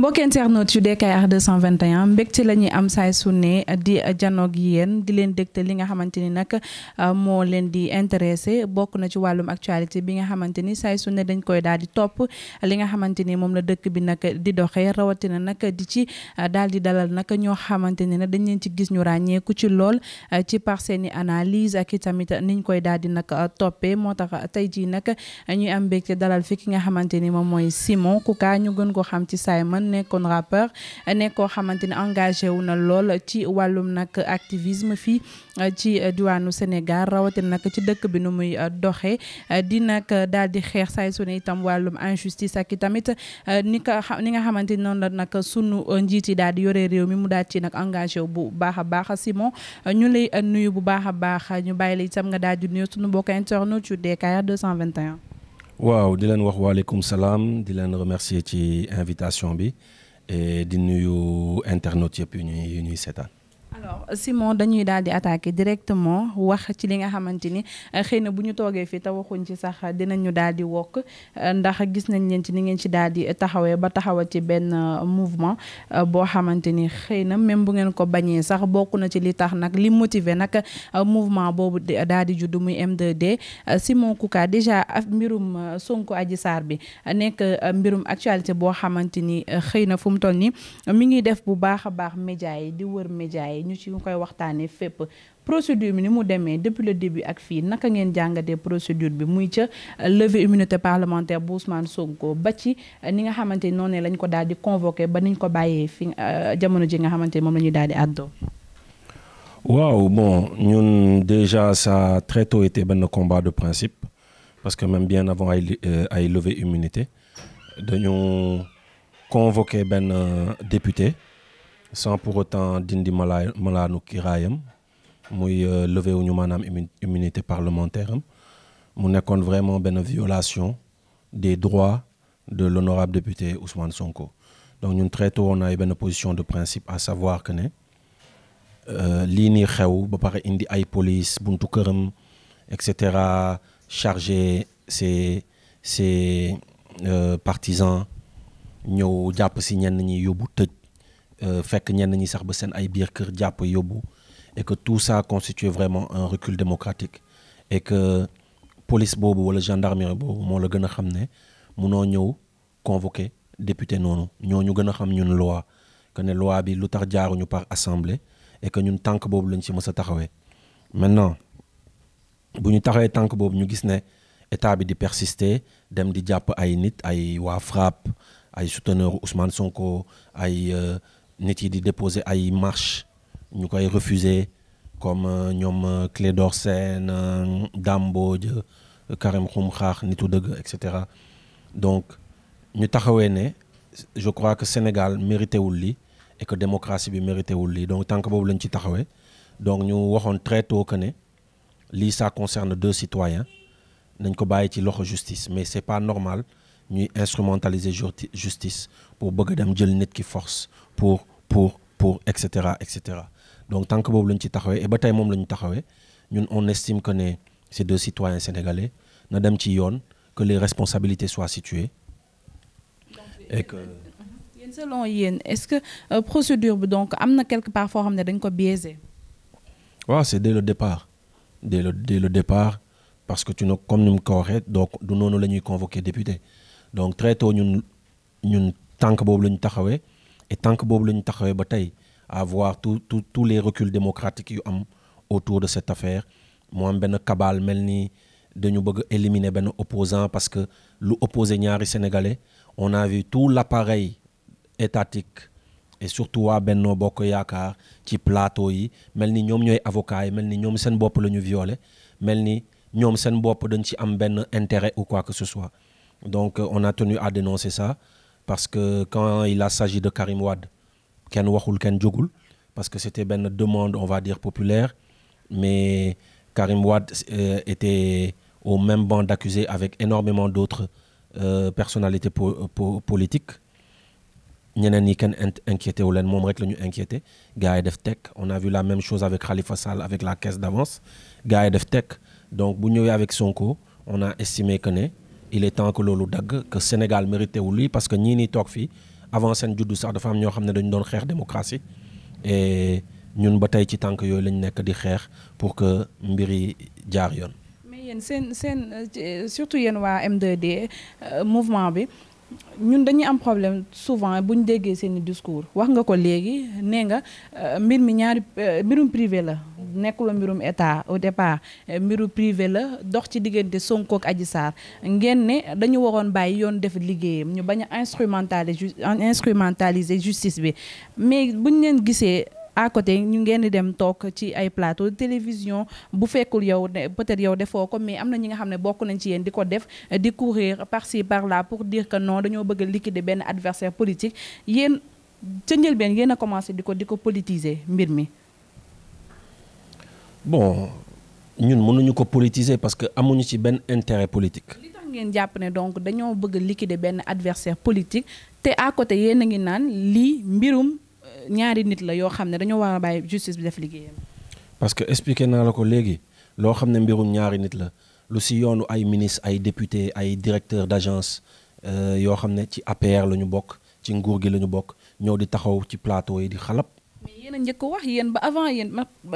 mbokki internautes yu DKR 221 mbégte la ñuy am saay su ne di janoog yéen di leen dégte li nga xamante ni nag euh, moo leen di intéressé bokk na ci wàllum actualité bi nga xamante ni saay su ne dañ koy daal di topp li nga xamante ni moom la dëkk bi nag di doxee rawatina nag di ci euh, daal di dalal nag ñoo xamante ni nag dañ leen ci gis ñu ràññeeku ci lool euh, ci par seeni analyse ak itamit niñ koy daal di nag toppee moo tax tey ji nag ñuy am mbégte dalal fi ki nga xamante nekkoon rappeur nekk koo xamante ne engagé wu na lool ci wàllum nag activisme fii euh, ci diwaanu Sénégal rawatina nag ci dëkk bi nu muy euh, doxee euh, di nag daal di xeex saay su itam wàllum injustice ak i tamit ni ka ni nga xamante ni noonu la nag sunu njiit yi daal di yore réew mi mu daal ci nag engagé wu bu baax a baax Simon ñu lay nuyu bu baax a baax ñu bàyyi la itam nga daal di nuyu sunu mbokk internet yu DKR 221 waaw di leen wax waaleykum salaam di leen remercier ci invitation bi et di nuyu internautes yëpp yu ñuy yu alors Simon dañuy daal di attaquer directement wax ci li nga xamante ni euh, xëy na bu ñu toogee fii te waxuñ ci sax dinañu daal di wokk euh, ndax gis nañ leen ci ni ngeen ci daal di taxawee ba taxawal ci benn euh, mouvement boo xamante ni xëy na même bu ngeen ko bañee sax bokk na ci li tax nag li motiver nag mouvement boobu daal di juddu muy M2D Simon Kouka déjà mbirum Sonko Adji Sarr bi nekk mbirum actualité boo xamante ni xëy na fu mu toll ni mu ngi def bu baax a baax média yi di wër média ci ñu koy waxtaanee fépp procédure bi ni mu demee depuis le début ak fii naka ngeen jàngatee procédure bi muy ca euh, levée immunité parlementaire bu Ousmane Sonko ba ci euh, ni nga xamante ni noonu lañ ko daal di convoqué ba niñ ko bàyyee fi euh, jamono ji nga xamante ni moom la ñu daal di àddoo. waaw bon ñun déjà ça a très tôt été benn combat de principe parce que même bien avant ay ay levée immunité dañu convoqué benn député. sans pour autant dindi malaa malaanu kiraayam muy euh, levé wuñu maanaam immunité parlementaire am mu nekkoon vraiment benn violation des droits de l'honorable député Ousmane Sonko donc ñun très tôt on a eu benn position de principe à savoir que ne euh, lii nii xew ba pare indi ay police buntu këram et cetera chargé ses ses euh, partisans ñëw jàpp si ñenn ñi yóbbu tëj Euh, fekk ñenn ñi sax ba seen ay biir kër jàpp yóbbu et que tout ça constitue vraiment un recul démocratique et police boobu wala gendarmerie boobu moo la gën a xam ne munoo ñëw convoqué député noonu ñoo ñu gën a xam ñun loi que ne loi bi lu tax jaaruñu par assemblée et que ñun tànk boobu lañ si mës a taxawee maintenant bu ñu taxawee tànk boobu ñu gis ne état bi di persister dem di jàpp ay nit ay waa FRAPP ay souteneur Ousmane Sonko ay euh, nit yi di déposer ay marche ñu koy refuser comme euh, ñoom euh, Clédor Sène euh, Dame Mbodj Karim xaax Xax nitu dëgg et cetera donc ñu taxawee ne je crois que Sénégal mérité wul lii et que démocratie bi mérité wul lii donc tànk boobu lañu ci taxawee donc ñu waxoon très tôt que ne lii ça concerne deux citoyens nañ ko bàyyi ci loxo justice mais c'est pas normal ñuy instrumentaliser justice pour bëgg a dem jël nit ki force pour pour pour et cetera et cetera donc tànk boobu la ñu ci taxawee et ba tey moom la ñu taxawee ñun on estime que ne ces deux citoyens sénégalais na dem ci yoon que les responsabilités soient situées et que. yéen euh, yéen est-ce que euh, procédure bi donc am na quelque part foo xam ne dañ ko biesee waaw c'est dès le départ de le dès le départ parce que tu no comme ni mu ko waxee donc du noonu la ñuy convoquer député donc très tôt ñun ñun tànk boobu la ñu taxawee. et tant que boobu lañu taxawee ba tey à voir tout tout tous les reculs démocratiques yu am autour de cette affaire mu am benn kabal mel ni dañu bëgg éliminer benn opposant parce que lu opposé ñaari sénégalais on a vi tout l'appareil étatique et surtout waa Benno Bokk Yaakaar ci plateau yi mel ni ñoom ñooy avocat yi mel ni ñoom seen bopp la ñu violé mel ni ñoom seen bopp dañ ci am benn intérêt ou quoi que ce soit donc on a tenu à dénoncer ça parce que quand il a s'agi de Karim wad kenn waxul kenn jógul parce que c'était benn demande on va dire populaire mais Karim Wade euh, était au même banc d'accusés avec énormément d'autres euh, personnalités po po politiques ñeneen ñi kenn inquiété wu leen moom rek la ñu inquiété gars yi def tek on a vu la même chose avec Khalifa Sall avec la caisse d'avance gars yi def tek donc bu ñëwee avec Sonko on a estimé que ne il est temps que loolu dagg que Sénégal mérité wu lii parce que ñii nii toog fii avant seen juddu sax dafa am ñoo xam ne dañu doon xeex démocratie e ñun ba tey ci tànk yooyu lañ nekk di xeex pour que mbir yi jaar yoon. mais yéen seen seen euh, surtout yéen waa m 2 euh, mouvement bi. ñun dañuy am problème souvent bu ñu déggee seeni discours wax nga ko léegi nee nga euh, mbir mi ñaari euh, mbirum privé la nekkul mbirum état au départ euh, mbiru privé la dox ci diggante Sonko ak Adji Sarr ngeen ne dañu waroon bàyyi yoon def liggéeyam ñu bañ a instrumentaliser instrumentaliser justice bi mais buñ leen gisee. à côté ñu ngeen di dem toog ci ay plateau télévision bu fekkul yow peut-être yow defoo ko mais am na ñi nga xam ne bokk nañ ci yéen di ko def di courir par-ci par-là pour dire que non dañoo bëgg a liquider benn adversaire politique yéen ca njëlbeen a commencé di ko di ko politiser mbir mi. bon ñun mënuñu ko politiser parce que amuñu ci benn intérêt politique. ngeen jàpp ne donc dañoo bëgg liquider benn adversaire politique te à côté yéen a ngi naan lii mbirum. ñaari nit la yoo xam ne dañoo war a bàyyi justice bi def liggéeyam. parce que expliqué naa la ko léegi loo xam ne mbirum ñaari nit la lu si yoonu ay ministre ay député ay directeur d'agence euh, yoo xam ne ci APR la ñu bokk ci nguur gi la ñu bokk ñëw di taxaw ci plateau yi di xalab mais yéen njëkk wax yéen ba avant yéen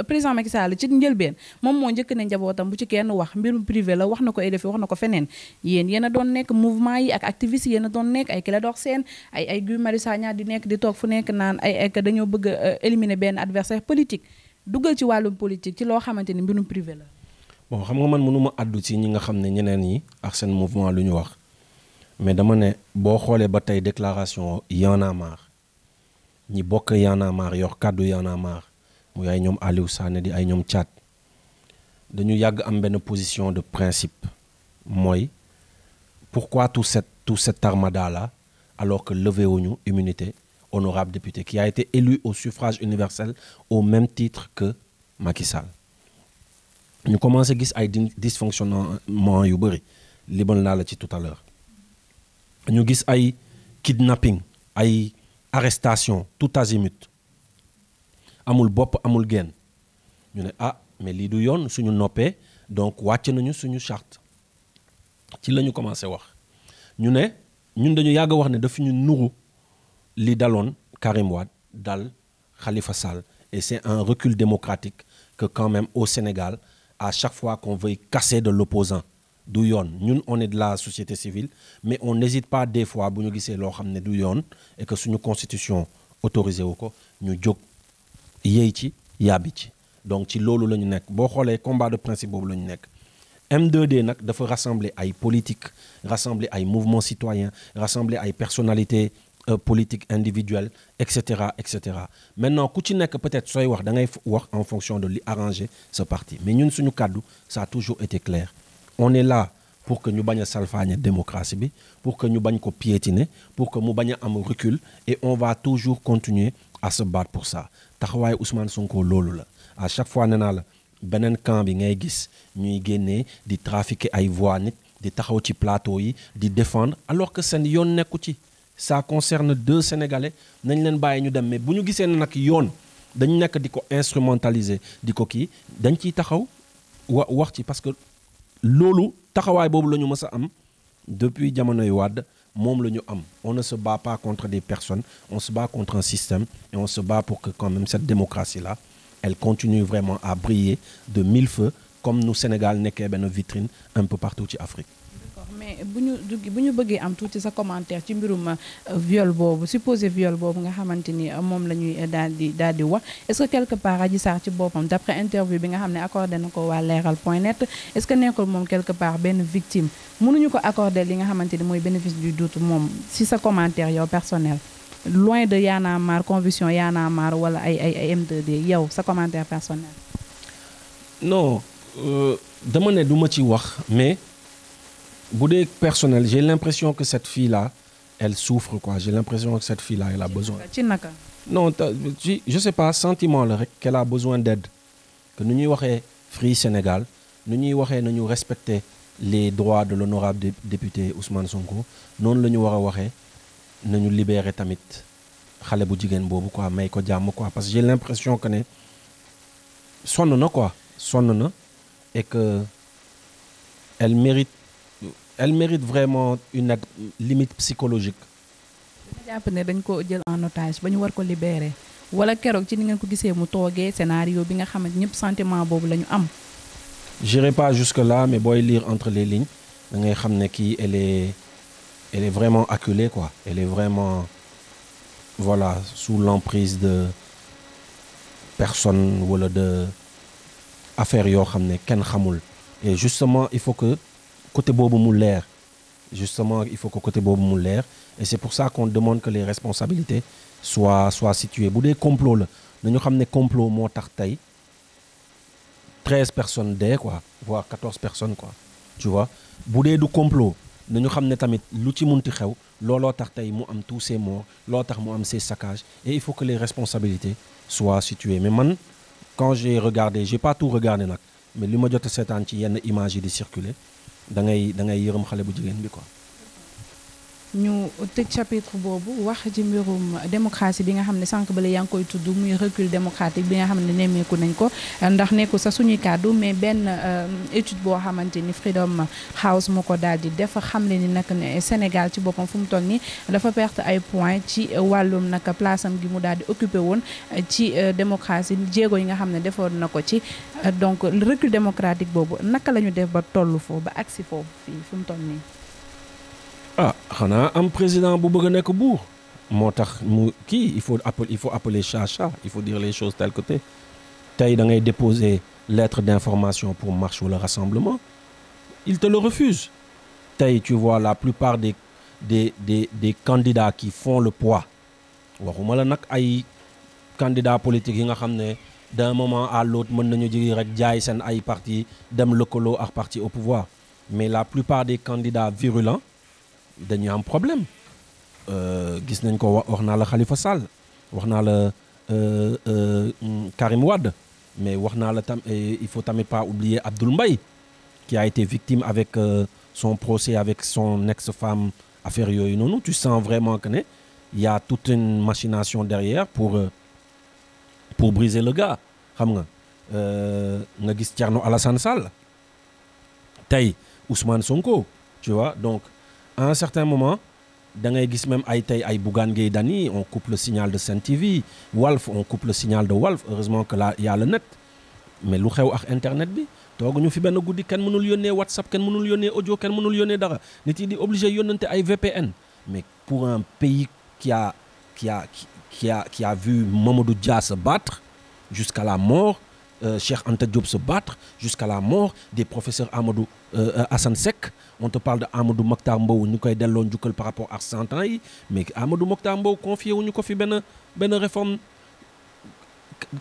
président Macky Sall ci njëlbeen moom moo njëkk ne njabootam bu ci kenn wax mbirum privé la wax na ko EDF wax na ko feneen yéen yéen a doon nekk mouvement yi ak activiste yéen a doon nekk ay Clédor Sène ay ay Guy Marius Sagna di nekk di toog fu nekk naan ay ay dañoo bëgg a euh, éliminer benn adversaire politique dugal ci wàllum politique ci loo xamante ni mbirum privé la. bon xam nga man mënuma àddu ci ñi nga xam ne ñeneen ñi ak seen mouvement lu ñu wax mais dama ne boo xoolee ba tey déclaration Y ñi bokk Y'en yor kàddu Y'en muy ay ñoom Aliou Sané di ay ñoom Thiat dañu yàgg am benn position de principe mooy pourquoi tout cette tout cette armada là alors que levé wuñu immunité honorable député qui a été élu au suffrage universel au même titre que Macky Sall ñu commencé gis ay dysfonctionnement yu bëri limal naa la ci tout à l'heure ñu gis ay kidnapping ay arrestation tout azimut amul bopp amul genn ñu ne ah mais lii du yoon suñu noppee donc wàcc nañu suñu charte ci la ñu commencé wax ñu ne ñun dañu yàgg wax ne daf ñu nuru lii daloon Karim Wade dal Khalifa Sall et c'est un recul démocratique que quand même au Sénégal à chaque fois qu'on veuille casser de l'opposant du yoon ñun on est de la société civile mais on n'hésite pas des fois bu ñu gisee loo xam ne du yoon et que suñu constitution autorisé wu ko ñu jóg yéey ci yàbbi ci donc ci loolu la ñu nekk boo xoolee combat de principe boobu la ñu nekk m 2 nag dafa rassembler ay politique rassembler ay mouvement citoyen rassembler ay personnalité euh, politique individuelle et cetera et cetera maintenant ku ci nekk peut-être sooy wax da ngay wax en fonction de lu arranger ce parti mais ñun suñu kàddu ça toujours été clair on est là pour que ñu bañ a salfaañe démocratie bi pour que ñu bañ ko piétiner pour que mu bañ a am recul et on va toujours continuer à se battre pour ça taxawaaye Ousmane Sonko loolu la à chaque fois nenaa la beneen camp bi ngay gis ñuy génnee di trafiquer ay voix nit di taxaw ci plateau yi di défendre alors que seen yoon nekku ci ça concerne deux Sénégalais nañ leen bàyyi ñu dem mais bu ñu gisee ne nag yoon dañu nekk di ko instrumentaliser di ko kii dañ ciy taxaw wa wax ci parce loolu taxawaay boobu la ñu mës a am depuis jamonoy wàdd moom la ñu am on ne se bat pas contre des personnes on se bat contre un système et on se bat pour que quand même cette démocratie là elle continue vraiment à briller de mille comme nu Sénégal nekkee benn vitrine un peu partout ci Afrique mais bu ñu bu ñu bëggee am tuuti sa commentaire ci mbirum euh, viol boobu supposé viol boobu nga xamante ni euh, moom lañuy dal euh, daal di daal di wax est-ce que quelque part Adji ci boppam d'après interview bi nga xam ne accordé na ko waa leeral point net est-ce que nekkul moom quelque part benn victime mënuñu ko accordé li nga xamante ni mooy bénéfice du doute moom si sa commentaire yow personnel loin de Y'en a marre conviction Y'en a wala ay ay ay m yow sa commentaire personnel non dama du ma ci wax bu dee personnel j'ai l'impression que cette fille là elle souffre quoi j'ai l'impression que cette fille là elle a besoin non ci je sais pas sentiment la rek qu'elle a besoin d'aide que nu ñuy waxee Free Sénégal nu ñuy waxee ñu respecter les droits de l'honorable député Ousmane Sonko noonu la ñu war a waxee nañu libérer tamit xale bu jigéen boobu quoi may ko jàmm quoi parce que j'ai l'impression que ne sonn na quoi sonn na et que elle mérite elle mérite vraiment une aide limite psychologique. ne dañ ko jël en otage ba ñu war ko libérer wala keroog ci ni ngeen ko gisee mu toogee scénario bi nga xam ne ñëpp sentiment boobu lañu ñu am. j'irai pas jusque là mais booy liir entre les lignes da ngay xam ne kii elle est elle est vraiment acculée quoi elle est vraiment voilà sous l'emprise de personne wala de affaire yoo xam ne kenn xamul et justement il faut que. côté boobu mu leer justement il faut que côté boobu mu leer et c'est pour ça qu'on demande que les responsabilités soient soient bu dee complot la nañu xam ne complot moo tax tey treize personnes dee quoi voire quatorze personnes quoi tu vois bu dee du complot nañu xam ne tamit lu ci munti xew looloo tax tey mu am tout ces morts loo tax mu am ces saccages et il faut que les responsabilités soient situées mais man quand j'ai regardé j'ai pas tout regardé mais li ma jot a ci yenn images yi di da ngay da ngay yërëm xale bu jigéen bi ko ñu teg chapitre boobu wax ci mbirum démocratie bi nga xam ne sànq bala yaa ngi koy tudd muy recul démocratique bi nga xam ne nemmeeku nañ ko ndax nekkul sa suñuy kàddu mais benn euh, étude boo xamante ni Freedom House moo ko daal di def xam ne ni nag ne Sénégal ci boppam fu mu toll nii dafa perte ay points ci wàllum nag place am gi mu daal di occupé woon ci euh, démocratie jéego yi nga xam ne defoon na ko ci euh, donc recul démocratique boobu naka la ñu def ba toll foofu ba agsi foofu fii mu toll nii ah xanaa am président bu bëgg a nekk buur moo tax mu kii il faut appeler il faut appeler chat chat il faut dire les choses telles que tey tey da ngay déposer lettre d'information pour marche wala rassemblement il te le refuse tey tu vois la plupart des des des des candidats qui font le poids waxuma la nag ay candidats politiques yi nga xam ne d'un moment à l'autre mën nañu jigi rek jaay seen ay parti dem lëkkaloo ak parti au pouvoir mais la plupart des candidats virulents dañuy am problème euh, gis nañ ko wax naa la Khalifa Sall wax naa la euh, euh, mm, Karim Wade mais wax naa la tam il faut tamit pas oublier Abdoul Mbaye qui a été victime avec son procès avec son ex-femme affaire yooyu noonu tu sens vraiment que ne ya a toute une machination derrière pour pour briser le gars xam nga nga gis Thierno Alassane Sall tey Ousmane Sonko tu vois donc en un certain moment da ngay gis même ay tey ay Bougane Gueye Dany on coupe le signal de Sen TV Walf on coupe le signal de Walf heureusement que là y net mais lu xew ak internet bi tooguñu fi benn guddi kenn mënul yónnee WhatsApp kenn mënul yónnee ojo kenn mënul yónnee dara nit yi di obligé yónnante ay VPN mais pour un pays qui a qui a qui a qui a vu Mamadou Dia se battre jusqu'à la mort Euh, Cheikh Anta Diop se battre jusqu'à la mort des professeurs Amadou euh, euh, Assane Seck on te parle de Amadou Mokhtar Mbow ñu koy delloo njukkal par rapport ak cent ans yi mais Amadou Mokhtar Mbow confié wu ñu ko fi benn benn réforme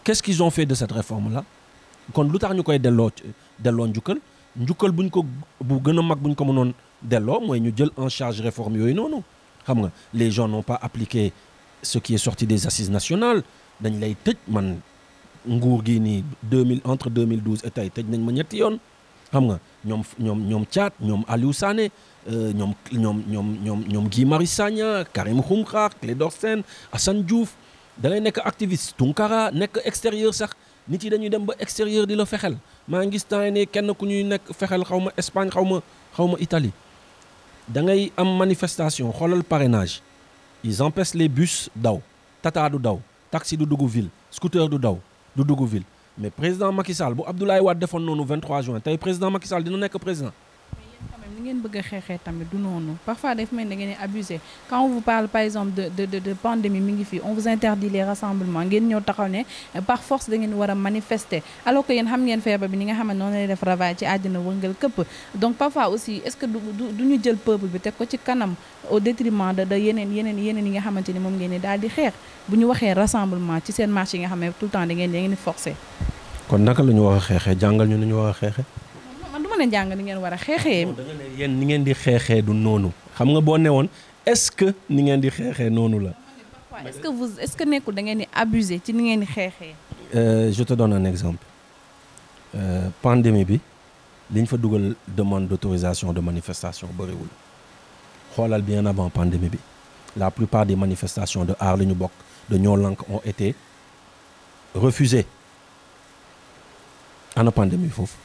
qu'est-ce qu'ils ont fait de cette réforme là kon lu tax ñu koy delloo delloo njukkal njukkal buñ ko bu gën a mag buñ ko mënoon delloo mooy ñu jël en charge réforme yooyu noonu xam nga les gens n'ont pas appliqué ce qui est sorti des assises nationales nguur gi nii 2000 entre 2012 et tey tëj nañ ma ñetti yoon xam nga ñoom ñoom ñoom Thiat ñoom Aliou Sané euh, ñoom ñoom ñoom ñoom ñoom Guy Marius Sagna Karim Xumxa Clédor Sène Assane Diouf da ngay nekk activiste Tunkara nekk extérieur sax nit yi dañuy dem ba extérieur di la fexel maa ngi gis kenn ku ñuy nekk fexel xaw ma Espagne xaw ma xaw ma Italie da ngay am manifestation xoolal parrainage ils empêchent les bus daw tata du daw taxi du dugg ville scooter du daw du dugg ville mais président Macky Sall bu Abdoulaye Wade defoon noonu 23 juin tey président Macky Sall dina nekk président ngeen bëgg a xeexee tamit du noonu parfois daf mel ne da ngeen abusé quand on parle par exemple de pandémie mi ngi fii on vous interdit les ngeen ñëw taxaw ne par force da ngeen war a manifester alors que xam ngeen feebar bi ni nga xam ne noonu lay def ravage ci àddina wërngal këpp donc parfois aussi est que du du ñu jël peuple bi teg ko ci kanam au détriment de yeneen yeneen yeneen yi nga xamante ni moom ngeen ne daal di xeex bu ñu waxee rassemblement yi nga xam ne tout le temps da ngeen da ngeen naka la ñu wax a xeexee jàngal ñu nu mën a jàng ni ngeen war a xeexee. da nga ni ngeen di xeexee du noonu xam nga boo woon est-ce que ni ngeen di xeexee noonu la. est-ce que vous nekkul da ngeen di abuser ci ni ngeen di xeexee. Euh, je te donne un exemple euh, pandémie bi li ñu fa dugal demande d'autorisation de manifestation bëriwul xoolal bien avant pandémie bi la plupart des manifestations de aar li ñu bokk de ñoo lank ont été refusées ana pandémie foofu.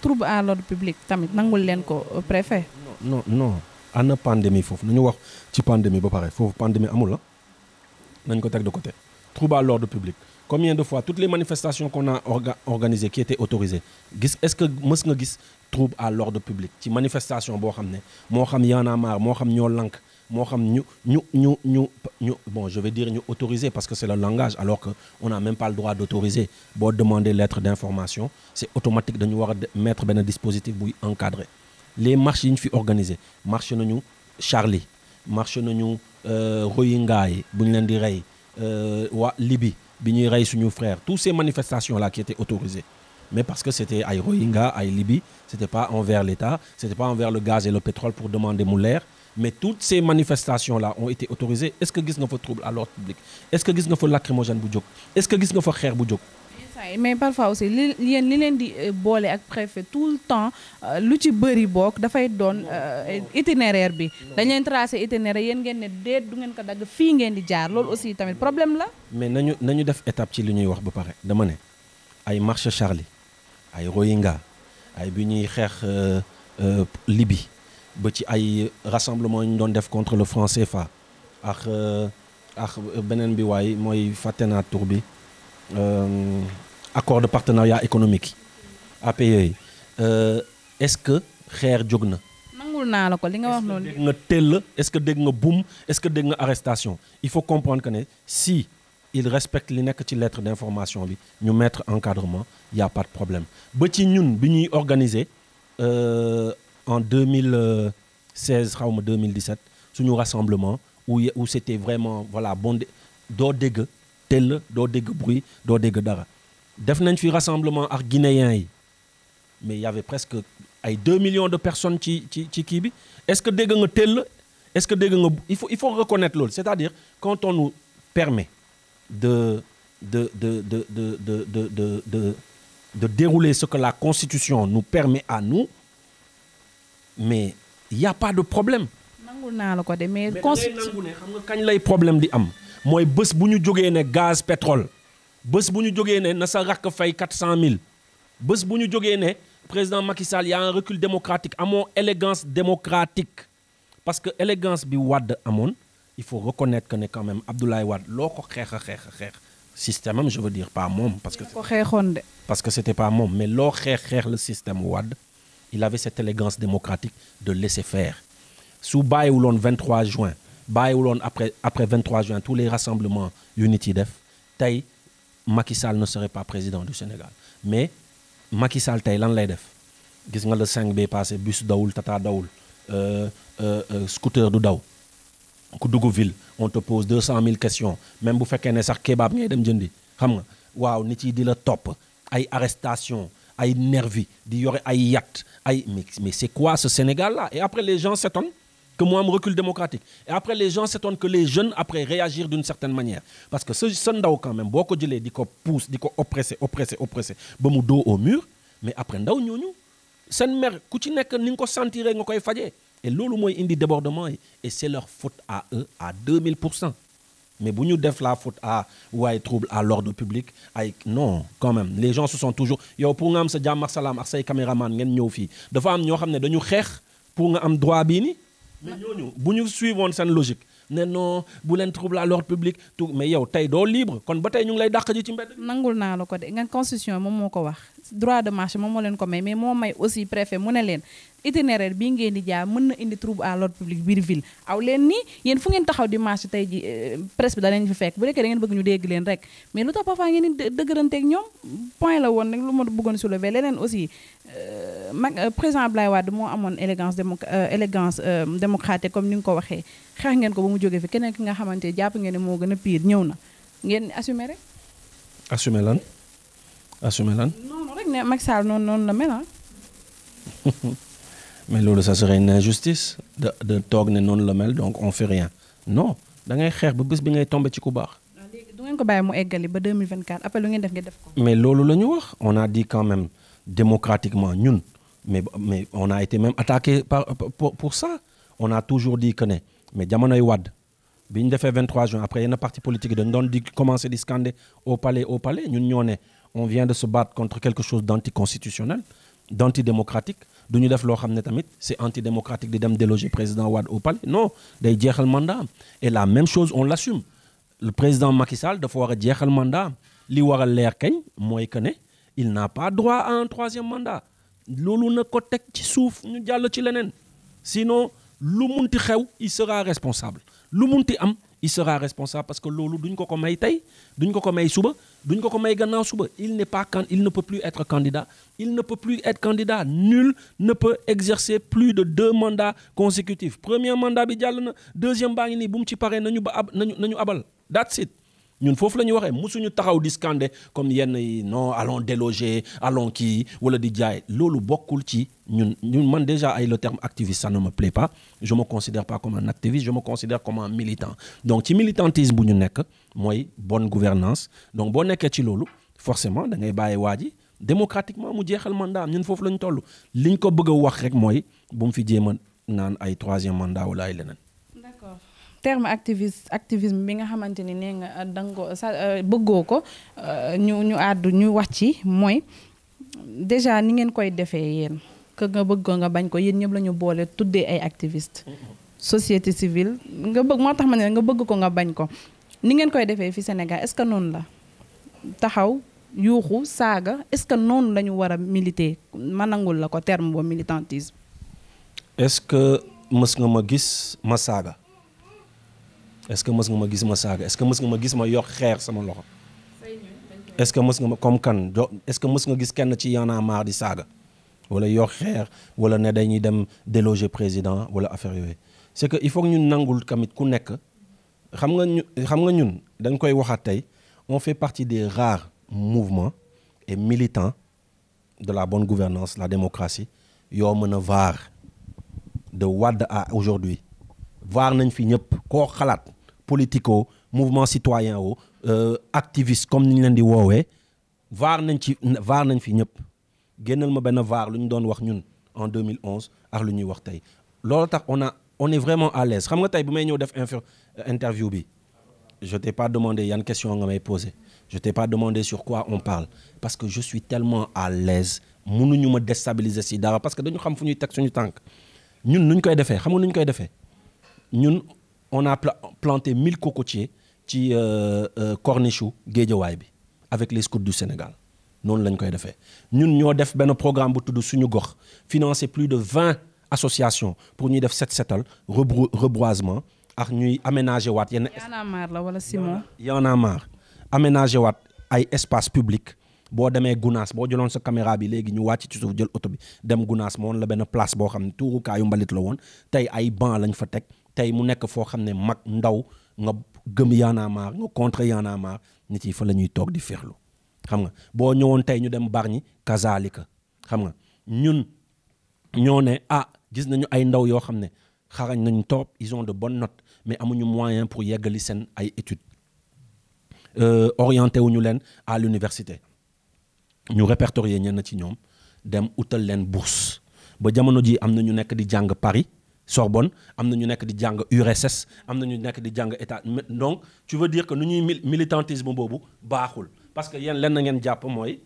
trouble à l'ordre public tamit nangul leen ko euh, préfet. non non ana pandémie foofu nañu wax ci pandémie ba pare foofu pandémie amul la ah. nañ ko teg de côté trouble à l'ordre public combien de fois toutes les manifestations qu'on a orga organisées qui étaient gis est-ce que mës nga gis trouble à l'ordre public ci manifestation boo xam ne moo xam Y'en moo xam ñoo lank moo xam ñu ñu ñu ñu ñu bon je ñu autoriser parce que c'est le langage alors que on n'a même pas le droit d'autoriser boo demander lettre d'information c'est automatique dañu war a mettre benn dispositif buy encadrer les marches yi ñu fi organisé marché nañu Charlie marché nañu euh, Rohingya yi bu ñu leen di rey euh, waa Libye bi ñuy rey suñu frère tous ces manifestations là qui étaient autorisées mais parce que c'était ay Rohingya ay Libye c'était pas envers l'État c'était pas envers le gaz et le pétrole pour demander mu leer mais toutes ces manifestations là ont été autorisées est-ce que gis nga fa trouble à l'ordre public est-ce que gis nga fa lacrymogène bu jóg est-ce que gis nga fa xeer bu jóg. mais parfois aussi li yéen li leen di euh, boole ak préfet tout le temps euh, lu ci bëri bokk dafay doon euh, itinéraire bi dañ leen tracé itinéraire yéen ngeen ne déet du ngeen ko dagg fii ngeen di jaar loolu aussi tamit problème la. mais nañu nañu def étape ci li ñuy wax ba pare dama ne ay marché Charlie ay bi ñuy xeex Libye ba ci ay rassemblement ñu doon def contre le franc fa ak euh, ak beneen bi waay mooy fatte naa tour bi euh, accord de partenariat économique APE yi euh, est-ce que xeer jóg na. nangul naa la ko li nga wax noonu. dégg nga tell est-ce que dégg nga boum est-ce que dégg nga arrestation il faut comprendre que ne si il respecte li nekk ci lettre d'information bi ñu mettre encadrement y pas de problème ba ci ñun bi ñuy organiser. en 2016 xaw ma 2017 suñu rassemblement où où c'était vraiment voilà bon doo dégg tell doo dégg bruit doo dégg dara def nañ fi rassemblement ak guinéens yi mais il y presque ay 2 millions de personnes ci ci ci kii bi est-ce que dégg nga tell est-ce que dégg nga il faut il faut reconnaître loolu c'est-à-dire quand on nous permet de de de de de de de de de dérouler ce que la Constitution nous permet à nous mais y' a problème. nangul naa la ko de mais. constitution mais xam nga kañ lay problème di am mooy bés bu ñu jógee ne gaz pétrole bés bu ñu jógee ne na sa rakk fay 400000 bés bu ñu jógee ne président Macky Sall y' a un recul amoo élégance démocratique parce que élégance bi Wade amoon il faut reconnaître que ne quand même Abdoulaye Wade loo ko xeex a xeex a xeex. système am je veux dire pas moom parce que. ko xeexoon parce que c'était pas moom mais loo xeex xeex le système Wade. il avait cette élégance démocratique de laisser faire su bàyyiwuloon 23 juin bàyyiwuloon après après 23 juin tous les rassemblements yu nit yi def tey Macky Sall ne serait pas président du Sénégal mais Macky Sall tey lan lay def gis nga le cinq bi passé bus dawul tata dawul euh, euh, euh, scooter du daw ku dugg ville on te pose 200 000 questions même bu fekkee ne sax kebaab ngay dem jëndi xam nga waaw nit yi di la topp ay arrestation ay nervi di yore ay yatt ay mais mais c'est quoi ce Sénégal là et après les gens s'étonnent que mu am recul démocratique et après les gens s'étonnent que les jeunes après réagir d'une certaine manière parce que ce sa ndaw quand même boo ko jëlee di ko pousse di ko oppressé oppressé oppressé ba mu doo au mur mais après ndaw ñooñu sen mer ku ci nekk ni nga ko sentiree nga koy fajee et loolu mooy indi débordement yi et c'est leur faute à eux à pour cent Mais bu ñu def la faute à ou à trouble à l'ordre public, non, quand même. Les gens se sont toujours. Yo, pour ak c'est Diam Salam, Arsay Caméraman, Gen Nyofi. De fois, nous avons nous pour nous am droit bini. Mais nous, si nous suivons cette logique, ne non, bu len trouble à l'ordre public, tout. Mais yo, tay do libre. Kon ba tay ñu lay dakk ji ci mbedd. Nangul na la ko de. Ngan constitution mom moko wax. Droit de marche mom mo len mais mo may aussi préfet itinéraire bii ngeen di jaar mën na indi trouble à l'ordre public biir ville aw leen nii yéen fu ngeen taxaw di marché tey ji euh, presse bi da leen fi fekk bu nekkee da ngeen bëgg ñu dégg leen rek mais lu tax parfois ngeen di dëgëranteeg ñoom point la woon rek lu ma bëggoon soulever leneen aussi euh, mag euh, président waa Wade moo amoon élégance démo élégance démocratique comme ni nga ko waxee xeex ngeen ko ba mu jógee fi keneen ki nga xamante jàpp ngeen ne moo gën a pire ñëw na ngeen assumer rek. assumer lan assumer lan. non rek ne noonu noonu la mel ah. mais loolu sa serait une injustice de de toog ne noonu la mel donc on fait rien non dangay ngay xeex ba bés bi ngay tombé ci ku baax. Ah, léegi du ngeen ko bàyyi mu eggali ba 2024 après lu ngeen def ngeen def ko. mais loolu la ñu wax on a dit quand même démocratiquement ñun mais mais on a été même attaqué par pour, pour on a toujours di que ne mais jamonoy Wade bi ñu defee 23 juin après yenn parti politique dañu doon di commencé di scander au palais au palais ñun ñoo ne on vient de se battre contre quelque chose d'anticonstitutionnel d'antidémocratique du ñu def loo xam ne tamit c' est antidémocratique di dem déloger président Wade au palais non day jeexal mandat et la même chose on l' lu président Macky Sall dafa war a jeexal mandat li war a leer kañ mooy que ne il n'a pas droit à un troisième mandat loolu na ko teg ci suuf ñu jàll ci leneen sinon lu munti xew il sera responsable lu munti am il sera responsable parce que loolu duñ ko ko may tey duñ ko ko may suba duñ ko ko may gannaaw suba il n'est pas il ne peut plus être candidat il ne peut plus être candidat nul ne peut exercer plus de deux mandats consécutifs première mandat bi jàll na deuxième baa ngi nii bu mu ci paree nañu ba ab nañu nañu abal that's it ñun foofu la ñu waxee mosuñu taxaw di scander comme yenn yi non allons déloger allons kii wala di jaay loolu bokkul ci ñun ñun man déjà ay le terme activiste ça ne me plaît pas je me considère pas comme un activiste je me considère comme un militant donc ci militantisme bu ñu nekk mooy bonne gouvernance donc boo nekkee ci loolu forcément da ngay bàyyi waa ji démocratiquement mu jeexal mandat am ñun foofu la ñu toll liñ ko bëgg a wax rek mooy bu mu fi jéem a naan ay troisième mandat wala leneen terme activiste activisme bi nga xamante ni nee nga ah, dangoo sa ah, bëggoo ko ah, ñu ñu àddu ñu wax ci mooy déjà ni ngeen koy defee yéen que nga bëggoo nga bañ ko yéen ñëpp la ñu boole tuddee ay activiste société civile nga bëgg moo tax ma ne nga bëgg ko nga bañ ko ni ngeen koy defee fi Sénégal est-ce que noonu la taxaw yuuxu saaga est-ce que noonu lañu ñu war a militer ma nangul la ko terme boo militantisme est-ce que mës nga ma gis ma saaga est-ce que mës nga ma gis ma saaga est-ce que mës nga ma gis ma yokk xeer sama loxo est-ce que mës nga ma comme kan ce que mës nga gis kenn ci Y'en a di saaga wala yokk xeer wala ne dañuy dem déloger président wala affaire yooyu c'est que il faut ñu nangul tamit ku nekk xam nga xam nga ñun dañ koy waxaat tey on fait partie des rares mouvement et militants de la bonne gouvernance la démocratie yoo mën a vaar de Wade à aujourd'hui waar nañ fi ñëpp koo xalaat politico mouvement citoyen o euh, activiste comme ni ñu leen di woowee vaar nañ ci vaar nañ fi ñëpp génnal ma benn vaar lu ñu doon wax ñun en 2011 ak lu ñuy wax tey loolu tax on a on est vraiment à l'aise xam nga tey bu may ñëw def euh, interview bi je t'ai pas demandé yan question nga may poser je t'ai pas demandé sur quoi on parle parce que je suis tellement à l'aise mënuñu ma déstabiliser si dara parce que dañu xam fu ñuy teg suñu tànk ñun nuñ koy defee xam nga nuñ koy defee ñun on a planté mille cocotiers ci euh, euh, corniche u géejawaay bi avec les scouts du Sénégal noonu lañ koy defee ñun ñoo def benn programme bu tudd suñu gox financé plus de vingt association pour ñuy def set setal reboisement ak ñuy aménager waat yenn. Y la wala Simon. Y en a waat ay espace public boo demee Gunaas boo jëloon sa caméra bi léegi ñu wàcc ci suuf jël oto bi dem Gunaas moom la benn place boo xam ne tuurukaayu mbalit la woon tey ay banc lañ fa teg. tey mu nekk foo xam ne mag ndaw nga gëm Y'en a marre nga contre Y'en a nit yi fa la ñuy toog di féexlu xam nga boo ñëwoon tey ñu dem Bargny kazaalika xam nga ñun ñoo ne ah gis nañu ay ndaw yoo xam ne xarañ nañu torop ils ont de bonnes not mais amuñu moyen pour yeggali seen ay études euh, orienté wuñu leen à l'université ñu répertorier ñenn ci ñoom dem utal leen bourse ba jamono ji am na ñu nekk di jàng Paris Sorbonne am na ñu nekk di jàng URSS am na ñu nekk di jàng état donc tu veux dire que nu ñuy militantisme boobu baaxul parce que yéen na ngeen jàpp mooy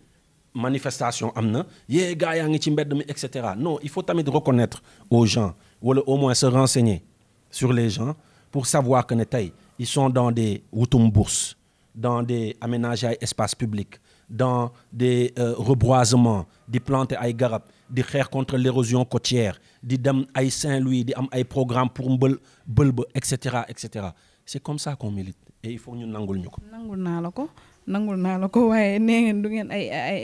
manifestation am na yee gars yaa ngi ci mbedd mi et cetera non il faut tamit reconnaître au gens wala au moins se renseigner sur les gens pour savoir que ne tey ils sont dans des wutum bourse dans des aménages ay espace public dans des euh, reboisements di planter ay garab di xeex contre l'érosion côtière di dem ay Saint-Louis di am ay programme pour mbël bël ba et cetera et cetera c'est comme ça qu'on milite et il faut ñu nangul ñu ko. nangul naa la ko nangul naa la ko waaye nee ngeen du ngeen ay ay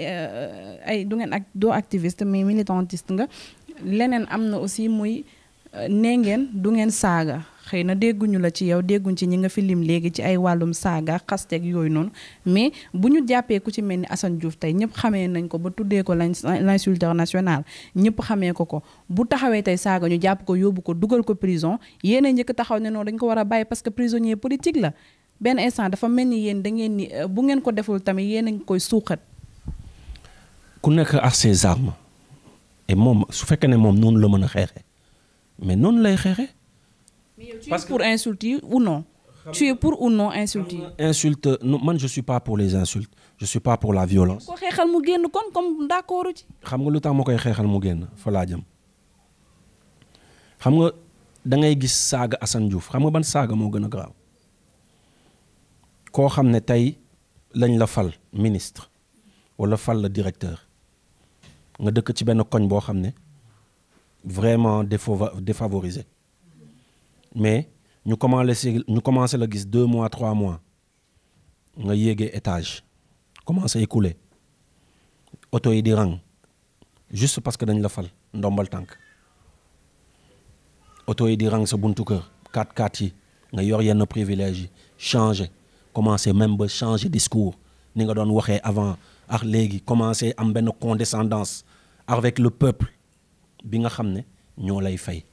ay du ngeen ak doo activiste mais militantiste nga leneen am na aussi muy euh, nee ngeen du ngeen saaga. xëy na dégguñu la ci yow dégguñ ci ñi nga fi lim léegi ci ay wàllum saaga xasteeg yooyu noonu mais bu ñu jàppee ku ci mel ni Assane Diouf tey ñëpp xamee nañ ko ba tuddee ko l'insulteur national ñëpp xamee ko ko bu taxawee tey saaga ñu jàpp ko yóbbu ko dugal ko prison yéen a njëkk taxaw ne noonu dañ ko war a bàyyi parce que prisonnier politique la benn instant dafa mel ni yéen da ngeen ni euh, bu ngeen ko deful tamit yéen a ngi koy suuxat. ku nekk ak ses armes moom su fekkee ne moom noonu la mën a xeexee mais noonu lay xeexee parce que pour insulter ou non. tu es pour ou non insulte yi. man je suis pas pour les insultes je suis pas pour la violence. ko xeexal mu génn kon comme d'accord ci. xam nga lu tax ma koy xeexal mu génn fa laa jëm xam nga da ngay gis saaga Assane Diouf xam nga ban saaga moo gën a grave koo xam ne tey lañ la fal ministre wala fal la directeur nga dëkk ci benn koñ boo xam ne vraiment défavorisé. mais ñu commencé ñu commencé la gis deux mois trois mois nga yéegee étage commencé écouler oto yi di rang juste parce que dañ la fal ndombal tànk oto yi di rang sa buntu kër 4 x yi nga yor yenn privilège yi changer commencé même ba changer discours ni nga doon waxee avant ak léegi commencé am benn condescendance avec le peuple bi nga xam ne ñoo lay fay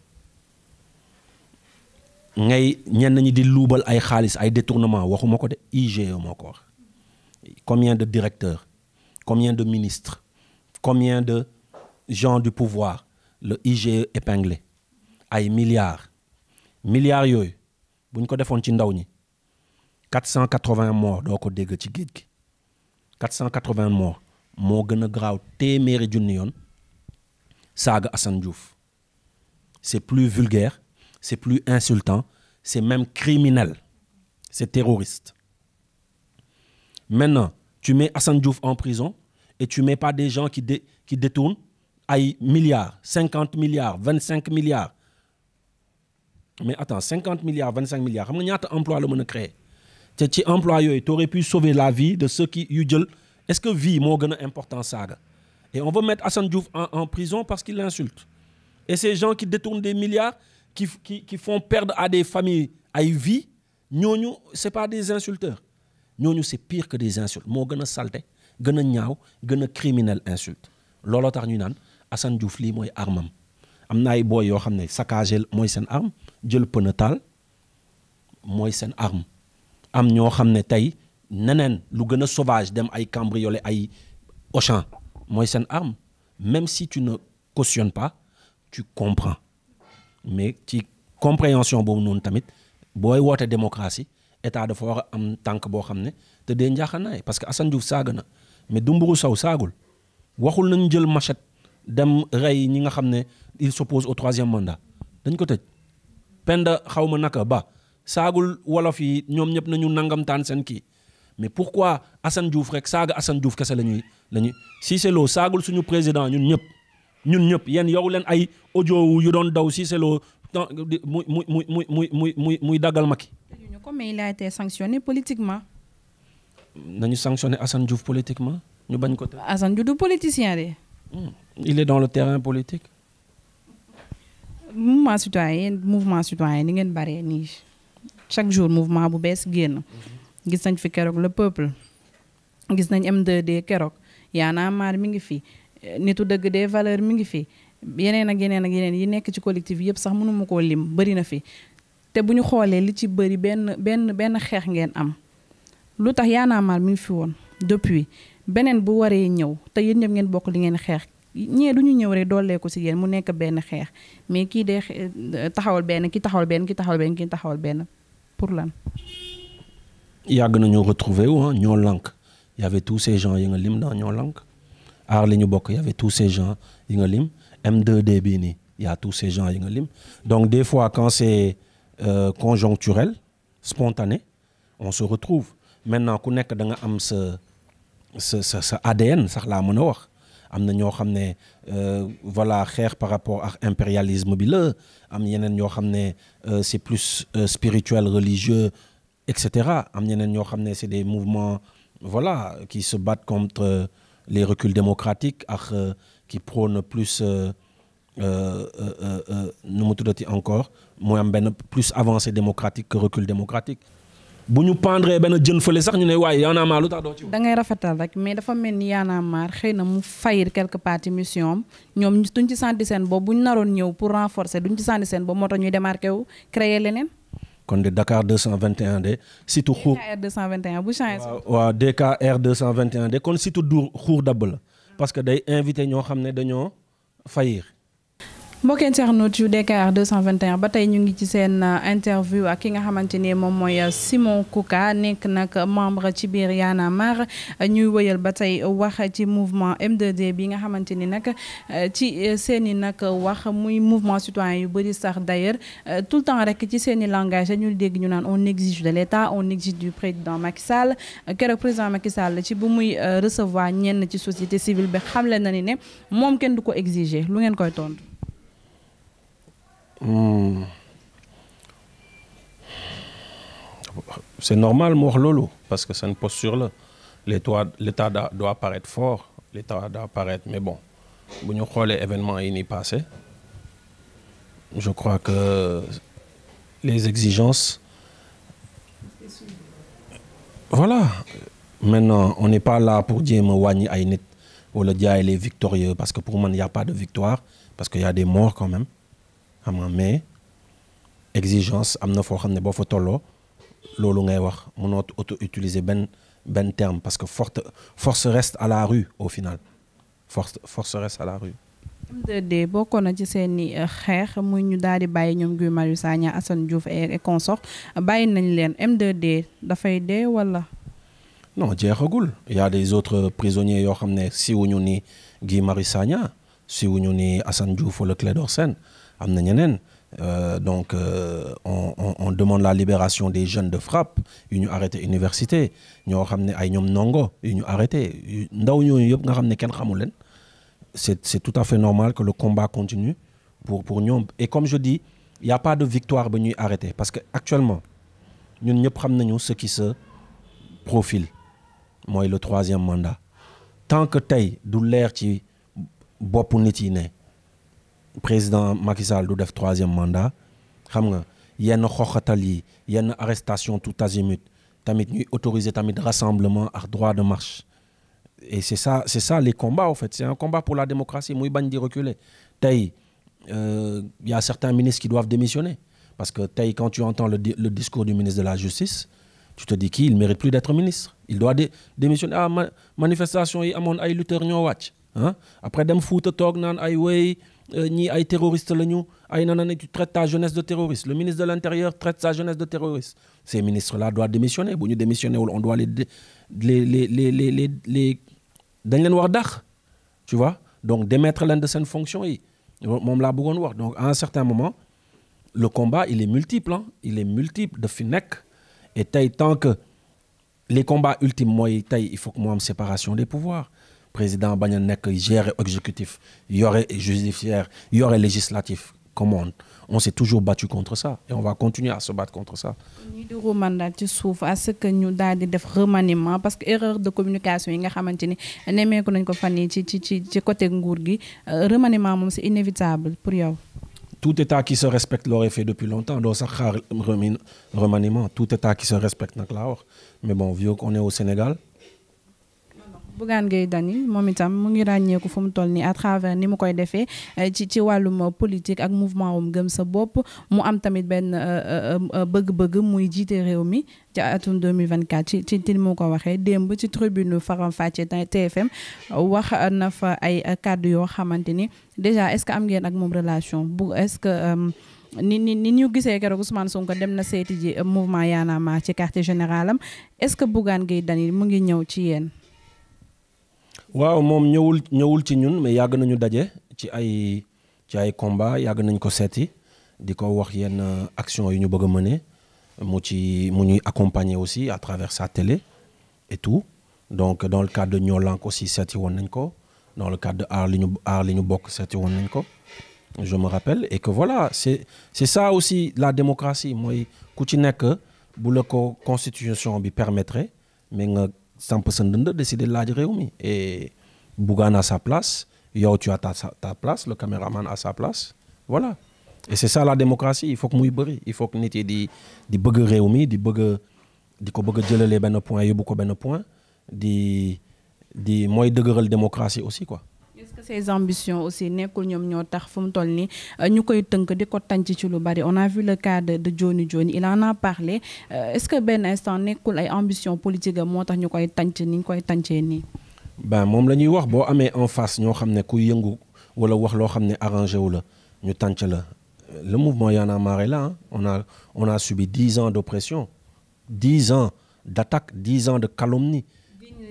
ngay ñenn ñi di luubal ay xaalis ay détournement waxuma ko de IGE moo ko wax combien de directeur combien de ministres combien de gens du pouvoir le IGE épinglé ay milliards milliards yooyu buñ ko defoon ci ndaw ñi 480 morts doo ko dégg ci géej gi 480 morts moo gën a garaaw téeméeri junni yoon saaga Assane Diouf c'est plus vulgaire c'est plus insultant, c'est même criminel, c'est terroriste. Maintenant, tu mets Hassan Diouf en prison et tu mets pas des gens qui, dé, qui détournent ay milliards, 50 milliards, 25 milliards. Mais attends, 50 milliards, 25 milliards, xam nga ñaata emploi la mën a créer te ci emploi yooyu tu aurais pu sauver la vie de ceux qui yu jël est-ce que vie moo gën a important saaga et on veut mettre Hassan Diouf en, en prison parce qu'il l'insulte et ces gens qui détournent des milliards qui, qui, qui font perdre à des familles ay vie ñooñu c'est pas des insulteurs ñooñu c'est pire que des insultes moo gën a salte gën a ñaaw gën a criminel insulte looloo tax ñuy naan Assane Diouf lii mooy armam am na ay booy yoo xam ne saccagé mooy seen arme jël pën mooy seen arme am ñoo xam ne tey neneen lu gën a sauvage dem ay cambriolé ay Auchan mooy seen arme même si tu ne cautionnes pas tu comprends mais ci compréhension boobu noonu tamit booy woote démocratie état dafa war a am tànk boo xam ne te dee njaaxanaay parce que Assane Diouf saaga na mais Dumburu Sow saagul waxul nañu jël machette dem rey ñi nga xam ne il s'oppose au troisième mandat dañ ko te penda xaw ma naka ba saagul wolof yi ñoom ñëpp nañu nangamtaan seen kii mais pourquoi Assane Diouf rek saaga Assane Diouf kese la ñuy la ñuy Cissé Lo saagul suñu président ñun ñëpp ñun ñëpp yéen yow leen ay audio yu doon daw si selo muy muy muy muy muy muy muy muy daggal Macky. ñu ko mais il a politiquement. nañu sanctionné Assane Diouf politiquement ñu bañ ko. Assane Diouf du politicien de. Hmm. il est dans le terrain politique. mouvement citoyen mouvement citoyen ni ngeen bare nii chaque jour mouvement bu bees génn. gis nañ fi keroog la peuple. gis nañ m 2 yaa naa maar mi ngi fi. nitu dëgg des valeurs mu ngi fi yeneen ak yeneen ak yeneen yi nekk ci collectif yëpp sax mënuma koo lim bëri na fi te bu ñu xoolee li ci bëri benn benn benn xeex ngeen am lu tax yaanaamaal mi ngi fi woon depuis beneen bu waree ñëw te yéen ñëpp ngeen bokk li ngeen xeex ñee du ñu ñëw rek doolee ko si yéen mu nekk benn xeex mais kii dee euh, taxawal benn ki taxawal benn ki taxawal benn ki taxawal benn pour lan. yàgg na ñoo retrouver wu ñoo lank y avait tous ces gens yi ñoo aar ñu bokk y avait tous ces gens yi nga lim M2D bii nii y a tous ces gens yi nga lim donc des fois quand c'est euh, conjoncturel spontané on se retrouve maintenant ku nekk danga am sa sa sa sa ADN sax laa mën a wax am na ñoo xam ne euh, voilà xeex par rapport ak impérialisme bi la am yeneen ñoo xam ne euh, c'est plus euh, spirituel religieux et cetera am ñeneen ñoo xam ne c'est des mouvements voilà qui se battent contre les reculs démocratiques ak euh, qui prône plus euh, euh, nu mu tuddati encore mooy am benn plus avancée démocratique que recul démocratique bu ñu pendre benn jën fële sax ñu ne waaye Y'en a lu tax doo ci da ngay rafetal rek mais dafa mel ni Y'en a xëy na mu fayir quelque part mission am ñoom duñ ci senti seen bopp bu ñu naroon ñëw pour renforcer duñ ci senti seen bopp moo tax ñuy démarqué wu créer leneen. kon de Dakar 221 de surtout xuur DKR 221 bu changé waaw DKR 221 de kon surtout du xuur dabb la ah. parce que day invité ñoo xam ne dañoo faillir mbokk internautes yu Dakar 221 ba tey ñu ngi ci seen euh, interview ak ki nga xamante ni moom mooy euh, Simon Kouka nekk nag membre ci biir yaana mar ñuy wëyal ba tey wax ci mouvement m bi nga xamante ni nag euh, ci seen i nag wax muy mouvement citoyen yu bëri sax d'ailleurs tout le temps rek ci seen i langage ñu dégg ñu naan on exige de l'État on exige du président Macky Sall keroog président Macky Sall ci bu muy recevoir ñenn ci société civile bi xamle na ni ne moom kenn du ko exiger lu ngeen koy tontu. Hmm. c'est normal mu wax loolu parce que seen posture la l'état l'état doit paraître fort l'état doit paraître mais bon bu ñu xoolee événements yi ni passé je crois que les exigences voilà maintenant on n'est pas là pour jéem a wàññi ay nit wala jaay les victorieux parce que pour man y a pas de victoire parce que y a des morts quand même xam mais exigence am na foo xam ne boo fa tolloo loolu ngay wax mu mënoo auto utiliser benn benn terme parce que forte force reste à la rue au final force force reste à la rue. m bokkoon na ci seen euh, xeex muy ñu daal di bàyyi ñoom Guy Marius Sagna Assane Diouf et consorts bàyyi nañ leen m dafay dee wala. non jeexagul y a des autres yoo xam ne siiwuñu ni Guy Marius Sagna siiwuñu ni Assane Diouf wala Clédor Sène am na ñeneen euh, donc euh, on on on demande la libération des jeunes de FRAPP yu ñu arrêté université ñoo xam ne ay ñoom ndongo yu ñu arrêté ndaw ñooñu yëpp nga xam ne kenn xamul leen c'est c'est tout à fait normal que le combat continue pour pour ñoom et comme je dis il y a pas de victoire ba ñuy arrêté parce que actuellement ñun ñëpp xam nañu ce qui se profile mooy le troisième mandat tant que tey du leer ci boppu nit yi ne président Macky Sall du def troisième mandat xam nga yenn xoxatal yi yenn arrestation tout azimut tamit ñuy autoriser tamit rassemblement a droit de marche et c'est ça c'est ça les combats en fait c'est un combat pour la démocratie muy bañ di reculer tey euh, y a certains ministres qui doivent démissionner parce que tey quand tu entends le, le discours du ministre de la justice tu te dis qu'il mérite plus d'être ministre il doit démissionner ah manifestation yi amoon ay lutteurs ñoo wàcc Euh, ñii ay terroriste lañu ay nana ne tu traites ta jeunesse de terroriste le ministre de l'intérieur traite sa jeunesse de terroriste ces ministres là doivent démissionner bu ñu démissionner on doit les les les les les les dañ leen war dàq tu vois donc démettre leen de seen fonction yi moom laa bëggoon wax donc à un certain moment le combat il est multiple hein il est multiple daf fi nekk et tey tant que les combats ultimes mooy tey il faut que mu am séparation des pouvoirs président bañ a nekk gérer exécutif yore judiciaire yore législatif comme on on s'est toujours battu contre ça et on va continuer à se battre contre ça. ñu daal def remaniement parce que erreur de communication yi nga xamante ni nemmeeku nañ ko fan yi ci ci ci ci côté nguur gi euh, remaniement moom c'est inévitable pour yow. tout état qui se respecte l'aurait fait depuis longtemps doo sax xaar remaniement tout état qui se respecte nag laa wax mais bon vu qu'on est Bougane Gueye Dany moom itam mu ngi ràññeeku fu mu toll nii à travers ni mu koy defee eh, ci ci wàllum politique ak mouvement wum gëm sa bopp mu am tamit benn euh, euh, euh, bëgg-bëgg muy jiite réew mi ci atum 2024 ci ci ni mu ko waxee démb ci tribune Faram Facce TFM wax na fa ay kàddu yoo xamante ni déjà est-ce que am ngeen ak moom relation bu est-ce que ni ni ni ñu gisee keroog Ousmane Sonko dem na seeti ji mouvement Y'en ci quartier général am est-ce que Bougane Gueye Dany mu ngi ñëw ci yéen waaw moom ñëwul ñëwul ci ñun mais yàgg nañu daje ci ay ci ay combat yàgg nañ ko seeti di ko wax yenn euh, action yu ñu bëgg a mëne mu ci mu ñuy accompagner aussi à travers sa télé et tout donc dans le cadre de Ñoo Lank aussi seeti woon nañ ko dans le cadre de aar li ñu aar li ñu bokk seeti woon nañ ko je me rappelle et que voilà c'est c'est ça aussi la démocratie mooy ku ci nekk bu la ko constitution bi permettre mais nga samp sa ndënd décider laaj réew mi e Bougane à sa place yow tu as ta ta place le caméraman à sa place voilà et c'est ça la démocratie il faut que muy bëri il faut que nit yi di di bëgg réew mii di bëgg di ko bëgg a jëlalee benn point yóbbu ko benn point di di mooy dëgëral démocratie aussi quoi est-ce que ces ambitions aussi nekkul ñoom ñoo tax fu mu toll nii euh, ñu koy tënk di ko tànc ci lu bari on a vu le cas de de Diony Diony il en euh, est-ce que benn instant nekkul ay ambition politique moo tax ñu koy tànc ni ñu koy tàncee nii. ba moom la ñuy wax boo amee en face ñoo xam ne kuy yëngu wala wax loo xam ne arrangé wu la ñu tànc la le mouvement Y en a marre là on a on a subi dix ans d'oppression dix ans d'attaque dix ans de calomnie.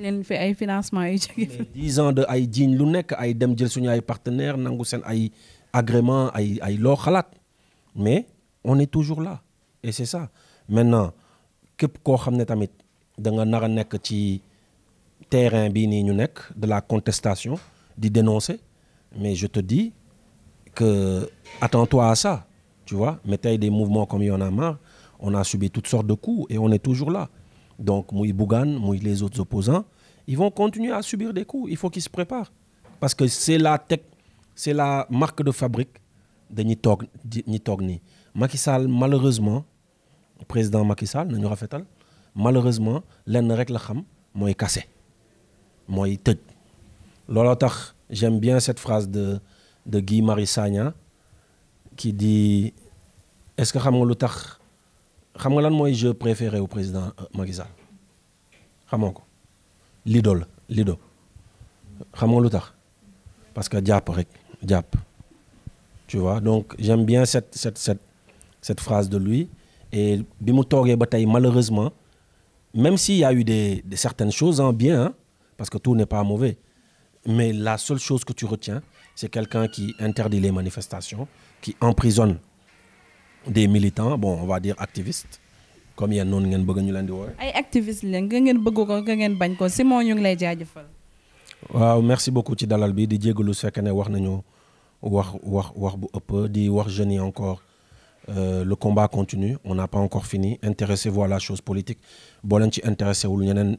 leen fi ay financement yu jóge de ay jiiñ lu nekk ay dem jël suñu ay partenaires nangu seen ay agrément ay ay loo xalaat mais on est toujours la et c'est ça maintenant képp koo xam ne tamit da nga nar a nekk ci terrain bii nii ñu nekk de la contestation di dénoncer mais je te dis que attends-toi à tu vois mais tey de mouvements comme Y a marre on a subi toutes sortes de coups et on est toujours la donc muy Bougane muy les autres opposants ils vont continuer à subir des coups il faut qu'ils se préparent parce que c'est la teg c'est la marque de fabrique dañuy toog ñi toog nii Macky Sall malheureusement président Macky Sall nañu rafetal malheureusement lenn rek la xam mooy kase mooy tëj looloo tax j'aime bien cette phrase de de Guy Marius Sagna qui dit est-ce que xam nga lu tax xam nga lan mooy jeu préféré au président euh, Macky Sall xamoo ko lido la lido xam nga lu tax parce que jàpp rek jàpp tu vois donc j'aime bien cette cette cette cette phrase de lui et bi mu toogee ba tey malheureusement même s'il y a eu des, des certaines choses en bien parce que tout n'est pas mauvais mais la seule chose que tu retiens c'est quelqu'un qui interdit les manifestations qui emprisonne des militants bon on va dire activistes comme yéen noonu ngeen bëgg ñu leen di woowe ay activistes leen nga ngeen bëgg ko nga ngeen bañ ko Simon ñu ngi lay jaajëfal. waaw merci beaucoup ci dalal bi di jégalu su fekkee wax nañu wax wax wax bu ëpp di wax jeunes yi encore euh, lu combat continue on n'a pas encore fini intéressez-vous à chose politique boo leen ci intéressé wul ñeneen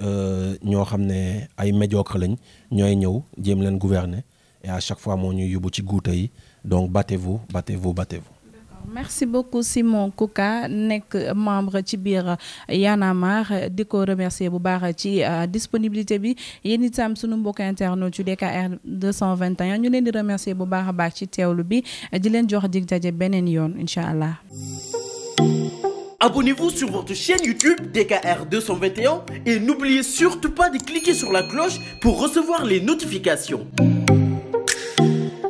euh, ñoo xam ne ay médiocre lañ ñooy ñëw jéem leen gouverner et à chaque fois moo ñuy yóbbu ci guuta yi donc battez-vous merci beaucoup Simon Kouka nekk membre ci biir Y'en a marre di ko remercier bu baax ci euh, disponibilité bi yéen itam sunu mbokk internautes yu DKR 221 ñu leen di remercier bu baax a baax ci teewlu bi di leen jox dig daje beneen yoon incha allah. Abonnez-vous sur votre chaîne YouTube DKR et n'oubliez surtout pas de cliquer sur la cloche pour recevoir les notifications.